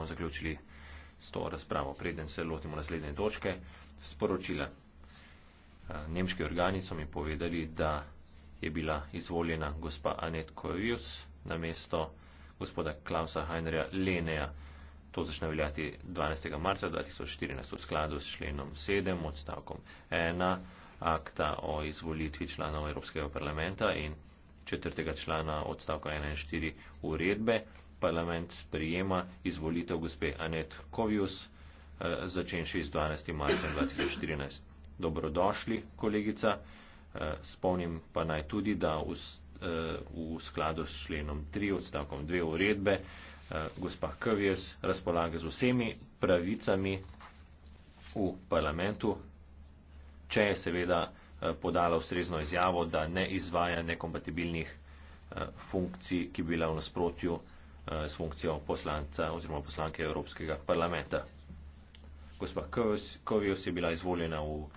bomo zaključili s to razpravo. Preden se lotimo naslednje točke, sporočila. Eh, nemški organi so mi povedali, da je bila izvoljena gospa Anet Kojus na mesto gospoda Klausa Heinerja Leneja. To začne veljati 12. marca 2014 v skladu s členom 7 odstavkom 1 akta o izvolitvi članov Evropskega parlamenta in četrtega člana odstavka 1 in 4 uredbe parlament sprijema izvolitev gospe Anet Kovius, začenši z 12. marca 2014. Dobrodošli, kolegica. Eh, spomnim pa naj tudi, da v eh, skladu s členom 3 odstavkom 2 uredbe eh, gospa Kovius razpolaga z vsemi pravicami v parlamentu, če je seveda podala ustrezno izjavo, da ne izvaja nekompatibilnih funkcij, ki bi bila v nasprotju Eh, s funkcijo poslanca oziroma poslanke Evropskega parlamenta. Gospa Kovijos je bila izvoljena v.